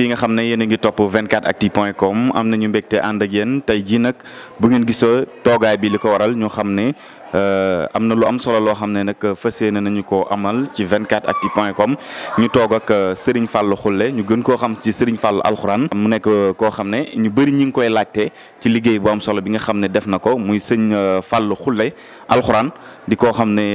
yi nga xam ne yéen a ngi topp 24actu point com am nañu mbégte ànd ak yéen tey jii nag bu ngeen gisoo toogaay bi li ko waral ñu xam ne euh, am na lu am solo loo xam ne nag fas yéene nañu ko amal ci 24actu point com ñu toog ak euh, Serigne Fallou ñu gën koo xam ci Serigne Fallou alxuraan mu nekk euh, koo xam ne ñu bëri ñi ngi koy laajte ci liggéey bu am solo bi nga xam ne def na ko muy sëñ Fallou Khoule alxuraan di ko xam ne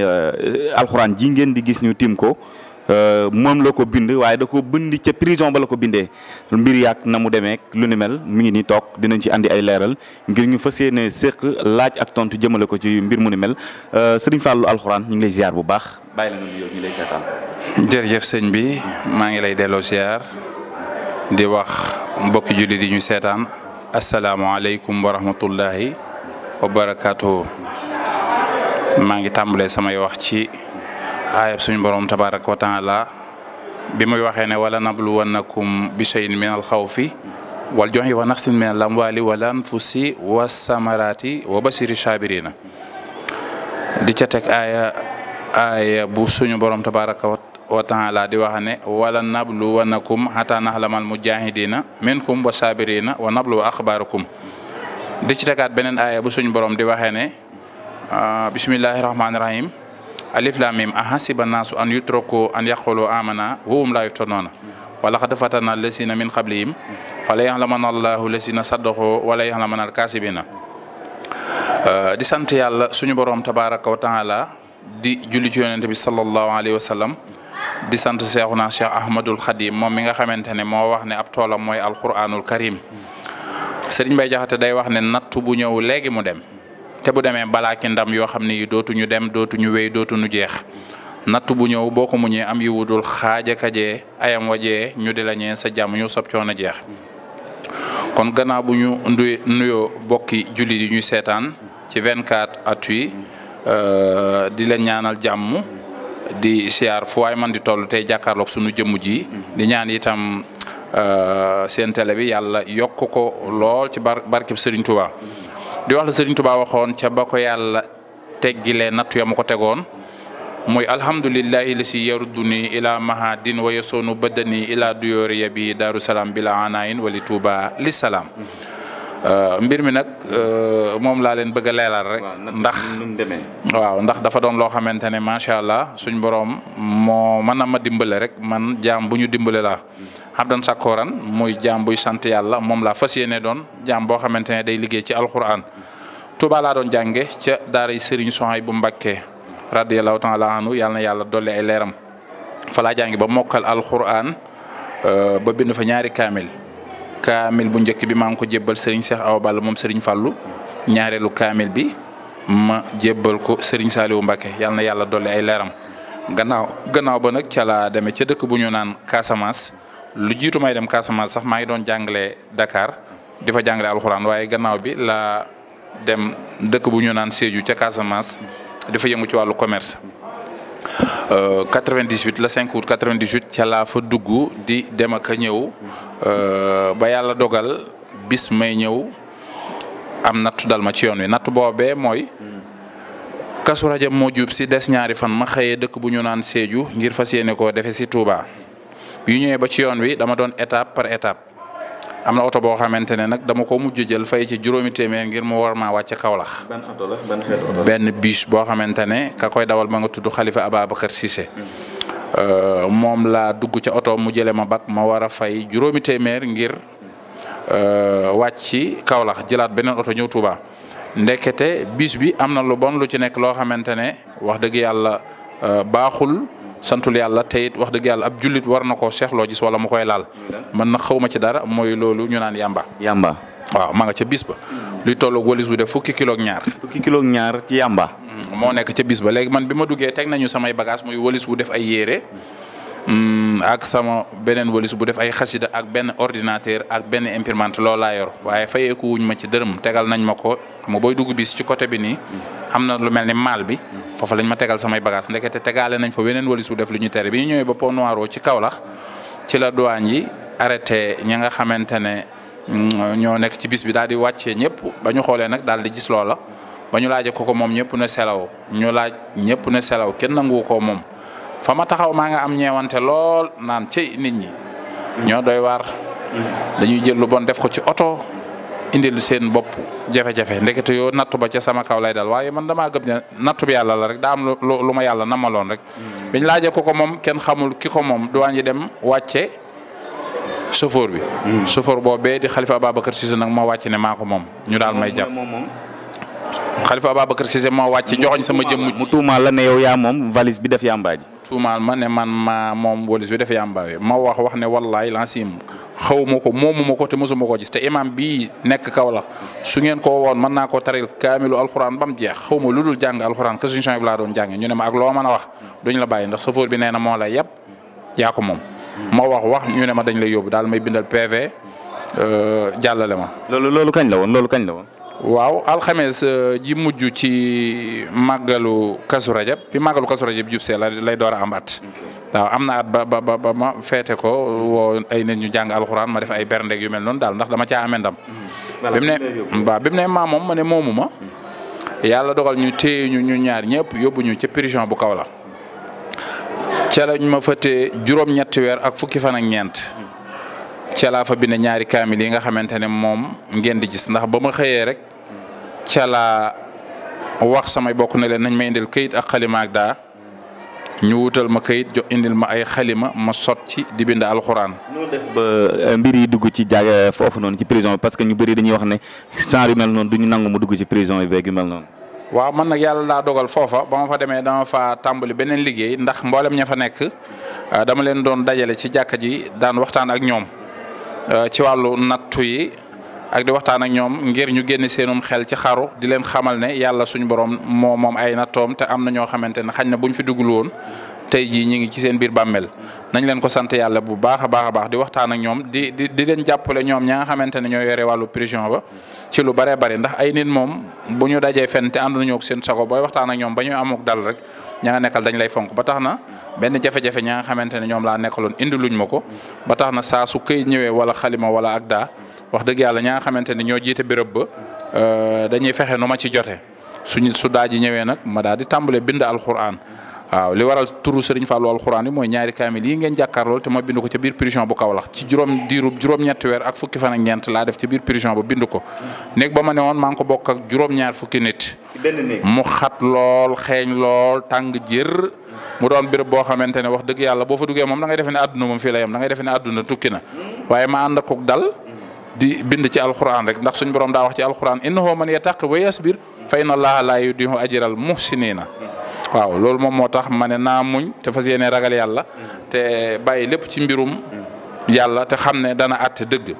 alxuraan ji ngeen di gis ñu tim ko. Euh, moom la ko bind waaye da ko bind ca prison ba la ko bindee mbir yàgg na mu demee lu ni mel mi ngi nii toog dinañ ci andi ay leeral ngir ñu fa yéene séq laaj ak tontu jëmale ko ci mbir mu ni mel euh, sëriñ Fallou alxuraan ñu ngi lay ziar bu baax bàyyi la nga jërëjëf sëñ bi maa ngi lay delloo ziar di wax mbokki jullit yi ñu seetaan asalaamaaleykum wa rahmatullahi wa maa ngi tàmbalee samay wax ci. aayab suñu borom tabaraka wa taala bi muy waxee ne wala nabluwannakum bi shay'in min al xawfi wal joxi wa naxsin min al amwali wal wa samarati wa basiri sabirina di ca teg aaya aaya bu suñu borom tabaraka wa di wax ne wala nabluwannakum xata naxlamal mujahidina minkum wa sabirina wa nablu axbarakum di ci tegaat beneen aaya bu suñu borom di waxe ne ah, bismillahi rahmani rahim alif a mim ahasiba an yutraku an yaqulu amana wa hum laa yuftanuuna wa fatana allasina min qablihim fa la allahu allasina saddaqu wa la ya'lamanna di sant yàlla suñu borom tabaraka wa taala di julli ci yonente sallallahu alayhi wa di sant seexuna cheikh ahmadul xadim moom mi nga xamante ne moo wax ne ab toolam mooy alquranul karim sëriñ Mbay Jaxate day wax ne nattu bu ñëw legi mu dem te bu demee balaa ndam yoo xam ne yi dootuñu dem dootuñu wéy dootuñu jeex nattu bu ñëw boo ko muñee am yi wudul xaaja kajee ayam wajee ñu di sa jàmm ñu sob coon a jeex kon gannaaw bu ñu ndu nuyoo bokki jullit yi ñuy seetaan ci 24 at yi euh, di leen ñaanal jàmm di siyaar fu waay man di toll tey jàkkaarloog suñu jëmm ji di ñaan itam euh, seen télé bi yàlla yokk ko lool ci barkib Serigne Touba di wax la Serigne Touba waxoon ca ba ko yàlla teggilee nattu ya mu ko tegoon muy alhamdulillahi lasi yaruduni ila mahadin wa yasonu badani ila duyooriya bi daaru salaam bila anayin wali Touba li salaam euh, mbir mi nag euh, moom laa leen bëgg a leelal rek. ndax waaw ndax dafa doon loo xamante ne macha allah suñ borom moo mën a ma dimbale rek man jaam bu ñu dimbale laa. Abdan Sakoran muy jaam buy sant yàlla moom laa fas yéene doon jaam boo xamante ne day liggéey ci alxuraan Touba laa doon jànge ca daaray Serigne Souhaïbou bu radiyallahu taala anhu yàlla na yàlla dolli ay leeram fa laa jànge ba mokkal alxuraan euh, ba bind fa ñaari kaamil kaamil bu njëkk bi maa ngi ko jébbal Serigne Cheikh Awa moom Serigne falu ñaareelu kaamil bi ma jébbal ko Serigne Saliou Mbacké yàlla na yàlla dolli ay leeram gannaaw gannaaw ba nag ca laa demee dëkk bu ñu naan Casamance. lu jiitu may dem Casamance sax maa ngi doon jàngale Dakar difa fa jàngale alxuraan waaye gannaaw bi laa dem dëkk bu ñu naan Sédhiou ca Casamance di fa yëngu ci wàllu commerce. 98 la 5 août 98 ca fa dugg di dem ak ñëw euh, ba yàlla dogal bis may ñëw am nattu dal ma ci yoon wi nattu boobee mooy kasu rajab moo jub si des ñaari fan ma xëyee dëkk bu ñu naan Sédhiou ngir fas yéene ko defe si Touba. yu ba ci yoon wi dama doon étape par étape am na oto boo xamante ne nag dama ko mujj jël fay ci juróomi téeméer ngir mu war maa wàcc Kaolack. ban benn bus boo xamante ne ka koy dawal ma nga tudd Khalifa Ababacar Cissé. Euh, moom laa dugg ca oto mu jëlee ma bak ma war a fay juróomi téeméer ngir euh, wàcc Kaolack jëlaat benn oto ñëw Touba ndekete bis bi am na lu bon lu ci nekk loo xamante ne wax dëgg yàlla. Euh, baaxul santul yàlla te it wax dëgg yàlla ab jullit war na koo seexloo gis wala mu koy laal man nag ma ci dara mooy loolu ñu naan yàmba. yàmba waaw maa nga ca bis ba. luy tolloog walis wu def fukki kilo ñaar. fukki kilo ñaar ci yàmba. Mm, moo nekk ca bis ba léegi man bi ma duggee teg nañu samay bagage mooy walis wu def ay yére mm, ak sama beneen walis bu def ay xasida ak benn ordinateur ak benn imprimante loolaa yor waaye fayeeku wuñ ma ci dërëm tegal nañ ma ko xam nga booy ci côté bi nii am na lu mel ni maal bi. foofa lañ ma tegal samay bagage ndekete tegaale nañ fa weneen walisu def lu ñu tere bi ñu ba Pont Noiraux ci Kaolack ci la douane yi arrêté ñi nga xamante ne mm, ñoo nekk ci bis bi daal di wàccee ñëpp ba ñu xoolee nag daal di gis loola ba ñu laajee ko ko moom ñëpp ne selaw ñu laaj ñëpp ne selaw kenn nangu ko moom fa ma taxaw maa nga am ñeewante lool naan ci nit ñi. ñoo doy waar. Mm. dañuy jël bon def ko ci oto. indil seen bopp jafe-jafe ndekete yoo nattu ba ca sama kaw lay dal waaye man damaa gëm ne nattu bi la rek daa am lu lu ma yàlla namaloon rek. Hmm. biñ laajee ko ko moom kenn xamul ki ko moom duwaan ji dem wàcce chauffeur bi. Hmm. chauffeur boobee di Xalifa Ababacar Cissé nag moo wàcc ne maa ko moom ñu daal may jàpp. xalifa Ababacar Cissé moo wàcc joxoñ sama jëmm. mu tuumaal a ne yow yaa moom valise bi def yàmbaa ji. tuumaal ma ne man ma moom valise bi def yàmbaa yi ma wax wax ne wallaay lancim xaw ma ko moomu ma ko te mosuma ko gis te imam bii nekk Kaolack su ngeen ko woon mën naa koo taril kaamilu alxuraan ba mu jeex xaw ma lu dul jàng alxuraan que suñu son bi laa doon jàngee ñu ne ma ak loo mën a wax duñ la bàyyi ndax chauffeur bi nee na moo lay yab yaa ko moom. ma wax wax ñu ne ma dañ lay yóbbu daal may bindal PV euh, jàllale ma. loolu loolu kañ la woon kañ la woon. waaw alxames euh, ji mujj ci màggalu kasu rajab bi màggalu kasu rajab jub see la lay door a am at. waaw am na at ba ba ma feete ko woo ay nit ñu jàng alxuraan ma def ay berndeeg yu mel noonu daal ndax dama caa amee ndam. Mm-hmm. bi mu ne maa moom ma ne moomu ma. yàlla dogal ñu téye ñu ñu ñaar ñëpp yóbbu ñu ca prison bu kawla la. ca la ñu ma fëttee juróom-ñetti weer ak fukki fan ak ñeent. ca laa fa bind ñaari kaamil yi nga xamante ne moom ngeen di gis ndax ba ma xëyee rek. ca laa wax samay bokk ne leen nañ ma indil kayit ak xalima ak daa ñu wutal ma kayit jo indil ma ay xalima ma sot ci di bind alxuraan. noo euh, mbir yi dugg ci jaag euh, foofu noonu ci prison parce que ñu bëri dañuy wax ne genre mel noon du ñu nangu mu dugg ci prison yi beeg yu mel waaw man na yàlla daa dogal foofa ba fa demee dama fa tàmbali beneen liggéey ndax mboolem ña fa nekk euh, dama leen doon dajale ci jàkka ji daan waxtaan ak ñoom ci wàllu nattuyi ak di waxtaan ak ñoom ngir ñu génne seenum xel ci xaru di leen xamal ne yàlla suñu borom moo moom ay nattoom te am na ñoo xamante ne xañ na buñ fi duggul woon tey jii ñu ngi ci seen biir bàmmeel nañ leen ko sant yàlla bu baax a baax baax di waxtaan ak ñoom di di di leen jàppale ñoom ña nga xamante ne ñoo yore wàllu prison ba ci lu bare bare ndax ay nit moom bu ñu dajee fenn te ànd nañoo seen sago booy waxtaan ak ñoom ba ñu amuk dal rek ñaa nga nekkal dañ lay fonk ba tax na benn jafe-jafe ña nga xamante ne ñoom laa nekkaloon indi luñ ma ko tax na saa su ñëwee wala xalima wala ak daa wax dëgg yàlla ña nga xamante ni ñoo jiite béréb ba euh, dañuy fexe nu ma ci jote suñu su daa ji ñëwee nag ma daal di tàmbale bind alxuraan waaw li waral turu Serigne Fallou alxuraan yi mooy ñaari kaamil yi ngeen jàkkaarlool te ma bind ko ca biir prison bu Kaolack ci juróom diirub juróom-ñetti weer ak fukki fan ak ñeent laa def ci biir prison ba bind ko néeg ba ma ne woon maa ngi ko bokk juróom-ñaar fukki nit mu xat lool xeeñ lool tàng jër mu doon béréb boo xamante ne wax dëgg yàlla boo fa dugee moom da ngay defe ne àdduna moom fii la yem da ngay defe tukki na di bind ci alquran rek ndax suñ borom daa wax ci alquran innahu man yattaqi wa yasbir fa inna allaha la yudihu ajral muhsinina waaw loolu moom moo tax ma ne naa muñ te fas yéene ragal yàlla te bàyyi lépp ci mbirum yàlla te xam ne dana att dëgg.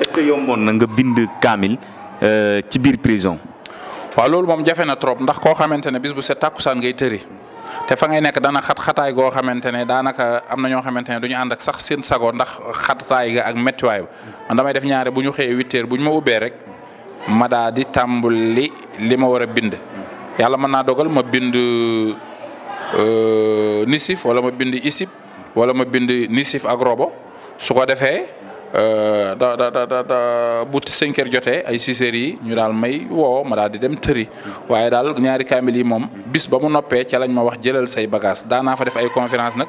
est-ce na nga bind kaamil euh, ci biir prison. waaw loolu moom jafe na trop ndax koo xamante ne bis bu set tàkkusaan ngay tëri. te fa ngay nekk dana xat-xataay goo xamante ne daanaka am na ñoo xamante ne du ñu ànd ak sax seen sago ndax xatataay ga ak méttiwaay ba damay def ñaare bu ñu xëyee huit bu ñu ma ubbee rek ma daa di tàmbali li ma war a bind yàlla mën naa dogal ma bind euh, nisif wala ma bind isib wala ma bind nisif ak robo su ko defee Euh, da da da bu cinq jotee ay six yi ñu daal may woo ma daal di dem tëri waaye daal ñaari kaamil yi moom bis ba mu noppee ca lañ ma wax jëlal say bagage daanaa fa def ay conférence nag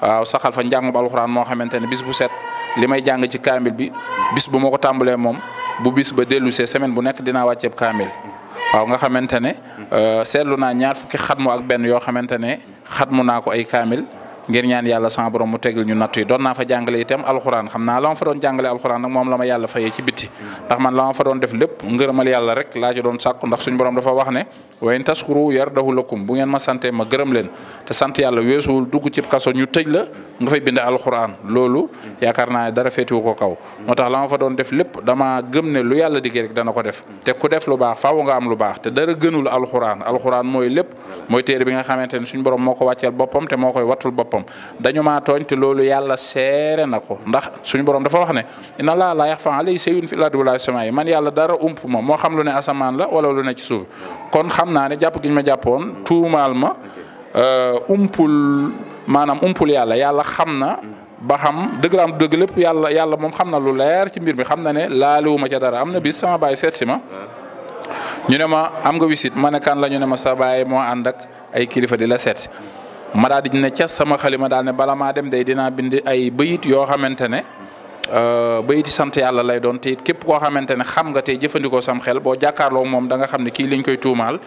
waaw saxal fa njàngum alxuraan moo xamante ne bis bu set li may jàng ci kaamil bi bis bu ma ko tàmbalee moom bu bis ba dellu see semaine bu nekk dinaa wàcceeb kaamil waaw nga xamante ne euh, seetlu naa ñaar fukki xatmu ak benn yoo xamante ne xatmu naa ko ay kaamil ngir ñaan yàlla sama borom mu tegal ñu natt yi doon naa fa jàngale itam alxuraan xam naa la ma fa doon jàngale alxuraan nag moom la ma yàlla fayee ci bitti ndax la ma fa doon def lépp ngërëmal yàlla rek laa ci doon sàkku ndax alxuraan moo la ma fa doon def lépp dama gëm ne lu yàlla digee rek dana ko def te ku def lu baax faaw am lu baax te dara gënul alxuraan alxuraan mooy lépp mooy téere bi nga xamante ne suñu borom moo ko wàcceel boppam te moo koy wattul boppam boppam dañu maa tooñ te loolu yàlla seere na ko ndax suñu borom dafa wax ne inna laa a yaxfa alayhi shay'un fil ardi wala samaa'i man yàlla dara ump ma moo xam lu ne asamaan la wala lu ne ci suuf kon xam naa ne jàpp gi ñu ma jàppoon tuumaal ma euh, umpul maanaam umpul yàlla yàlla xam na ba xam dëgg la dëgg lépp yàlla yàlla moom xam na lu leer ci mbir mi xam na ne laaliwuma ca dara am na bis sama baay si ma ñu ne ma am nga wisit ma ne kan la ñu ne ma sa baay moo kilifa di la seet ma daal di sama xalima daal ne bala maa dem day dinaa bind ay bayit yoo xamante ne euh, bayiti sant yàlla lay doon te it képp koo xamante ne xam nga tey jëfandikoo sam xel boo jàkkaarloo moom da nga xam ne kii liñ koy tuumaal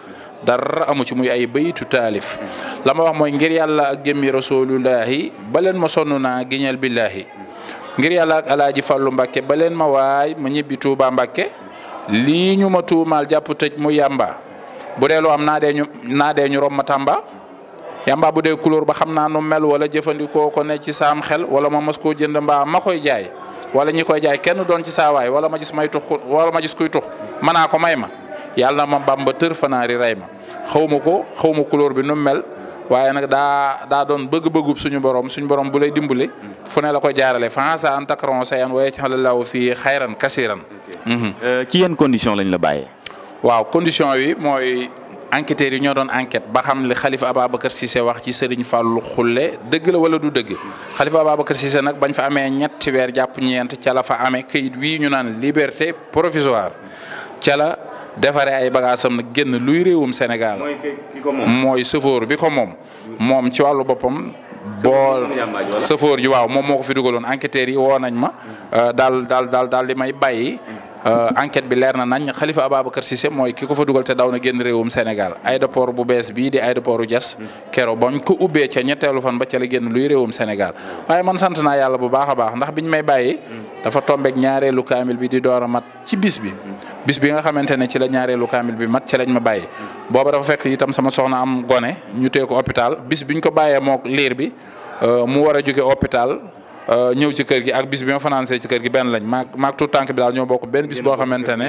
dara amu ci muy ay bayitu taalif la ma wax mooy ngir yàlla ak jëmmi rasulullahi ba leen ma sonn naa giñeel billahi ngir yàlla ak alaaji Fàllu Mbàkke ba leen ma waay ma ñibbi Tuuba mbake lii ñu ma tuumaal jàpp tëj mu yàmba bu dee lu am naa dee ñu naa yamba bu dee couleur ba xam naa nu mel wala jëfandikoo ko ne ci saam xel wala ma mos koo jënd mbaa ma koy jaay wala ñi koy jaay kenn doon ci saawaay wala ma gis may tux wala ma gis kuy tux mën ko may ma yàlla na ma bamba tër fanaari ray ma xaw ma ko xaw ma couleur bi nu mel waaye nag daa daa doon bëgg bëggu suñu borom suñu borom bu lay dimbali fu ne la ko jaarale fansa an takron sayan waye ci xalallahu fii xayran kasiran euh, ci yenn condition lañ la bàyyee waaw condition yi mooy enquêteurs yi ñoo doon enquête ba xam li xalifa Ababacar Cissé wax ci Serigne Fallou xule dëgg la wala du dëgg xalifa Ababacar Cissé nag bañ fa amee ñetti weer jàpp ñeent ca la fa amee këyit wii ñu naan liberté provisoire ca la defaree ay bagaasam nag génn luy réewum Sénégal mooy sëfoor bi ko moom moom ci wàllu boppam boo sëfoor ji waaw moom moo ko fi dugaloon yi woo nañ ma mm. euh, daal daal daal daal di may bàyyi mm. Euh, enquête bi leer na nañ Khalifa Ababacar Cissé mooy ki ko fa dugal te daw na génn réewum Sénégal aéroport bu bees bii di aéroportu Diass kero bañ ko ubbee ca ñetteelu ba ca la génn luy réewum Sénégal waaye man sant naa yalla bu baax a baax ndax biñ may bàyyi dafa tombeek ñaareelu kaamil bi di door a mat ci bis bi bis bi nga xamante ne ci la ñaareelu kaamil bi mat ci lañ ma bàyyi booba dafa fekk itam sama soxna am gone ñu tee ko hôpital bis biñ ko bàyyee mook liir euh, mu war a jóge hôpital Euh, ñëw ci kër gi ak bis bi ma fanaansee ci kër gi benn lañ maag maag tout tànk bi daal ñoo bokk benn bis boo xamante ne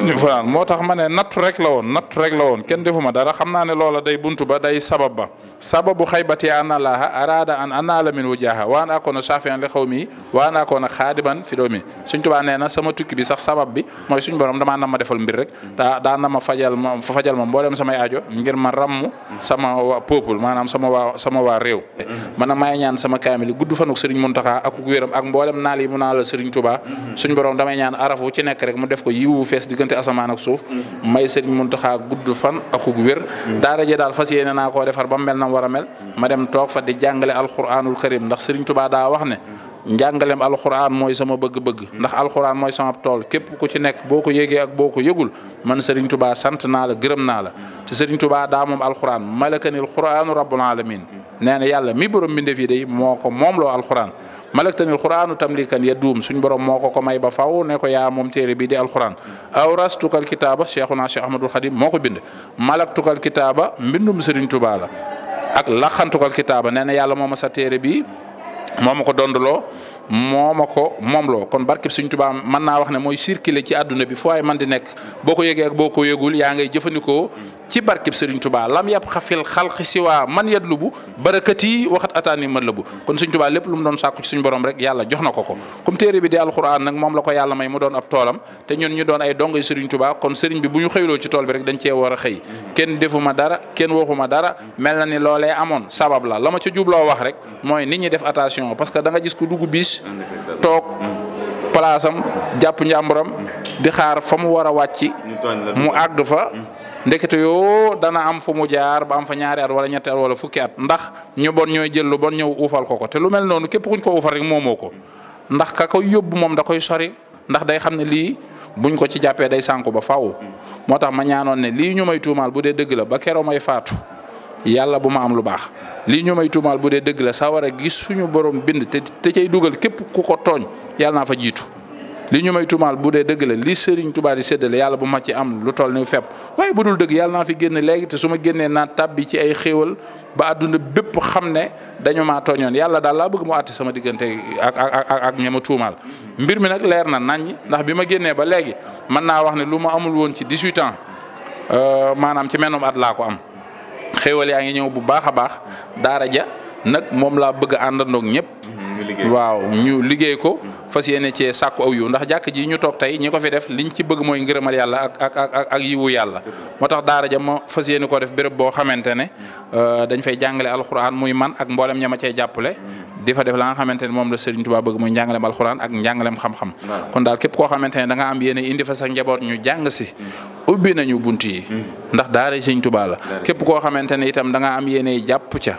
ñu fanaan moo tax ma ne nattu rek la woon nat rek la woon kenn defuma dara xam na ne loola day buntu ba day sabab ba sababu haybati anna allaha a an anala min wujaha wa an akuna shafian li qawmi wa an akuna khadiman fi dawmi Sëriñ Tuubaa nee na sama tukki bi sax sabab bi mooy suñ borom da na ma defal mbir rek daa daa na ma fajal ma fajal ma mboolem samay aajo ngir ma ramm sama waa peuple maanaam sama waa sama waa réew man may ñaan sama kaamil gudd fanuk Sëriñ Muntaxa ak wéram ak mboolem naal yi mu naa la Sëriñ Tuubaa suñ borom damay ñaan arafu ci nekk rek mu def ko yiwu fees diggante asamaan ak suuf may Sëriñ Muntaxa gudd fan ak wér daara je daal fas yéene naa koo defar ba mel lislaam war a ma dem toog fa di jàngale alquranul karim ndax Serigne Touba daa wax ne njàngaleem alxuraan sama bëgg-bëgg ndax alxuraan mooy sama tool képp ku ci nekk boo ko yégee ak boo ko yëgul man Serigne Touba sant naa la gërëm naa la te Serigne Touba daa moom alxuraan malakanil xuraanu rabbul alamin nee na yàlla mi borom mbindeef yi day moo ko moom loo alxuraan malaktanil xuraanu tamlikan ya duum suñ borom moo ko ko may ba faw ne ko yaa moom téere bi di alxuraan awrastukal kitaaba cheikhuna cheikh ahmadul xadim moo ko bind malaktukal kitaaba mbindum Serigne la ak laxantukal kitaaba nee na yàlla moo ma sa téere bi moo ma ko dondaloo moo ma ko moomloo kon barkeb Sëriñ Tuubaa mën naa wax ne mooy circuler ci àdduna bi foo ay man di nekk boo ko yëgee ak boo ko yëgul yaa ngay jëfandikoo ci barkeb Sëriñ Tuubaa lam yàpp xafil xalq siwaa man yadlu bu barakat yi waxat ataani man la bu kon Sëriñ Tuubaa lépp lu mu doon sàkku ci suñu borom rek yàlla jox na ko ko comme téere bi di alxuraan nag moom la ko yàlla may mu doon ab toolam te ñun ñu doon ay dongay Sëriñ Tuubaa kon sëriñ bi bu ñu xëyloo ci tool bi rek dañ cee war a kenn defuma dara kenn waxuma dara mel na ni loolee sabab la la ma ca jubloo wax rek mooy nit toog palaasam jàpp njàmburam di xaar fa mu war a wàcc mu àgg fa ndekete yoo dana am fu mu jaar ba am fa ñaari at wala ñetti at wala fukki at ndax ñu bon ñooy jël lu bon ñëw uufal ko ko te lu mel noonu képp kuñ ko uufal rek moomoo ko ndax ka koy yóbbu moom da koy sori ndax day xam ne lii buñ ko ci jàppee day sànku ba faaw moo tax ma ñaanoon ne lii ñu may tuumaal bu dee dëgg la ba keroo may faatu yàlla bu ma am lu baax lii ñu may tuumaal bu dee dëgg la saa sawara gi suñu borom bind te te cay dugal képp ku ko tooñ yàlla naa fa jiitu lii ñu may tuumaal bu dee dëgg la li Serigne Touba di séddale yàlla bu ma ci am lu toll ni fepp waaye bu dul dëgg yàlla naa fi génn léegi te su ma génnee naa tàbbi ci ay xéewal ba àdduna bépp xam ne dañu maa tooñoon yàlla daal laa bëgg mu àtte sama diggante ak ak tuumaal. mbir mi nag leer na naññ ndax bi ma génnee ba léegi mën naa wax ne lu ma amul woon ci 18 ans euh, maanaam ci menum at laa ko am. xéewal yaa ngi ñëw bu baax a baax daara ja nag moom laa bëgg a àndandoog ñëpp. Mhm, waaw ñu liggéey ko fas yéene cee sàkku aw yiw ndax jàkk ji ñu toog tey ñi ko fi def liñ ci bëgg mooy ngërëmal yàlla ak ak yiwu yàlla moo tax daara ja ma fas yéene koo def béréb boo xamante ne euh, dañ fay jàngale alxuraan muy man ak mboolem ña ma cay jàppale mhm. di def la xamante ne moom la Serigne Touba bëgg muy njàngalem alxuraan ak njàngalem xam kon daal képp koo xamante ne da nga am yéene indi fa sax njaboot ñu jàng si mhm. ubbi nañu bunt yi ndax daara Serigne Touba la képp koo xamante ne itam da am yéene jàpp ca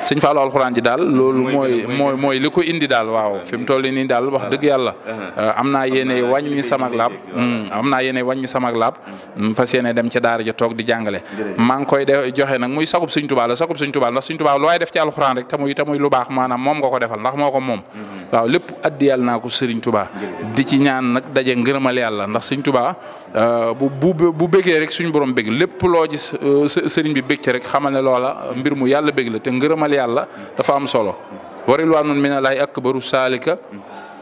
sëñ Fallou alxuraan ji daal loolu mooy mooy mooy li ko indi daal waaw fi mu toll nii daal wax dëgg yàlla uh-huh. Uh-huh. am naa yéene wàññi sama laab mm, am naa yéene wàññi sama laab uh-huh. mm, fas yéene dem ca daara ja toog di jàngale maa ngi koy de joxe nag muy sakub sëñ Tuubaa la sakub sëñ Tuubaa ndax sëñ Tuubaa lu waay def ci alxuraan rek tamuy tamuy lu baax maanaam moom nga ko defal ndax moo ko moom waaw lépp addiyal naa ko sëriñ Tuubaa di ci ñaan nag daje ngërëmal yàlla ndax sëñ Tuubaa Euh, bu bu bu bëggee rek suñu borom bëgg lépp loo gis euh, sëriñ bi bëgg ci rek xamal ne loola mbir mu yàlla bëgg la te ngërëmal yàlla dafa am solo. warilwaanun ak akbaru saalika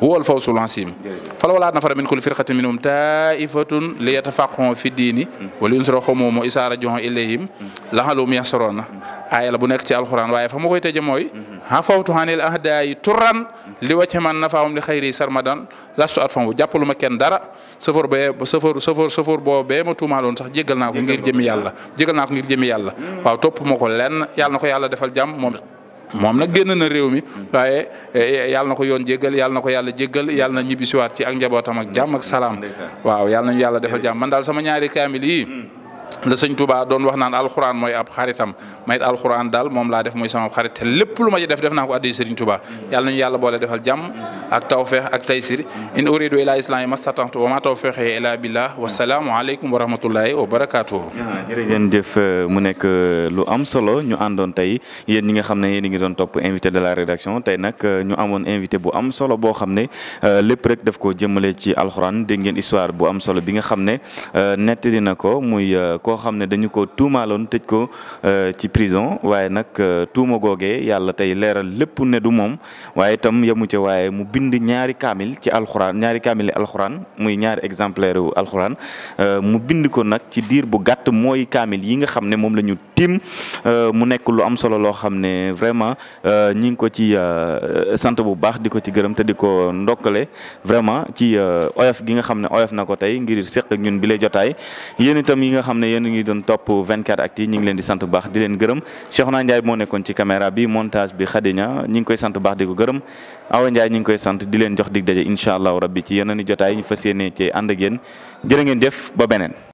huwa alfawsul asim falawlaa nafara min kulli firqatin minhum taifatun li yatafaqahu fi diini wa li yunsira xumumu isaarajoo ilayhim lahalum yasroona aaya la bu nekk ci alxuraan waaye fa ma koy tëje mooy ha fawtu hanil ahdayi turran li wacce man nafaahum li xayri sarmadan lastu at famu jàppaluma kenn dara sëfoor bee sëfoor sëfoor ma sax jéggal naa ko ngir jëmi yàlla jéggal na ko ngir jëmi yàlla mm. waaw topp ma ko lenn yàlla ko yàlla defal jàmm moom nag génn na réew mi waaye eh, yàlla na ko yoon jéggal yàlla na ko yàlla jéggal yàlla na ñibbisiwaat ci ak njabootam ak jàmm ak salaam waaw yàlla nañu yàlla defal jàmm man daal sama ñaari kaamil yi mm. la sëñ Touba doon wax naan alxuraan mooy ab xaritam mayit alxuraan daal moom laa def mooy sama xarit te lépp lu ma ci def def naa ko addi sëriñ Touba yàlla nañu yàlla boole defal jàmm ak tawfeex ak taysir in uridu ila islami mastatantu wa ma tawfeexi ila billah wasalaamu aleykum wa rahmatullahi wa barakaatuhu jërëjëf mu nekk uh, lu am solo ñu àndoon tey yéen ñi nga xam ne yéen a ngi doon topp invité de la rédaction tey nag uh, ñu amoon invité bu am solo boo xam ne uh, lépp rek def ko jëmale ci alxuraan dégg ngeen histoire bu am solo bi nga xam ne nettali na ko muy koo xam ne dañu ko tuumaaloon tëj ko euh, ci prison waaye nag euh, tuuma googee yàlla tey leeral lépp ne du moom waaye itam yemu ca waaye mu bind ñaari kaamil ci alxuraan ñaari kaamil alxuraan muy ñaari exemplaire wu alxuraan euh, mu bind ko nag ci diir bu gàtt mooy kaamil yi nga xam ne moom la ñu tiim mu nekk lu am solo loo xam ne vraiment ñi ngi ko ci sant bu baax di ko ci gërëm te di ko ndokkale vraiment ci oyof gi nga xam ne oyof na ko tey ngir séq ñun bi lay jotaay yéen itam yi nga xam ne yéen ngi doon topp 24 actu ngi leen di sant bu baax di leen gërëm Cheikhouna Ndiaye moo nekkoon ci caméra bi montage bi Khadija ñi koy sant bu baax di ko gërëm Awa Ndiaye ñi koy sant di leen jox dig daje incha allahu rabbi ci yeneen i jotaay ñu fas yéene ci ànd ak yéen jërë ngeen jëf ba beneen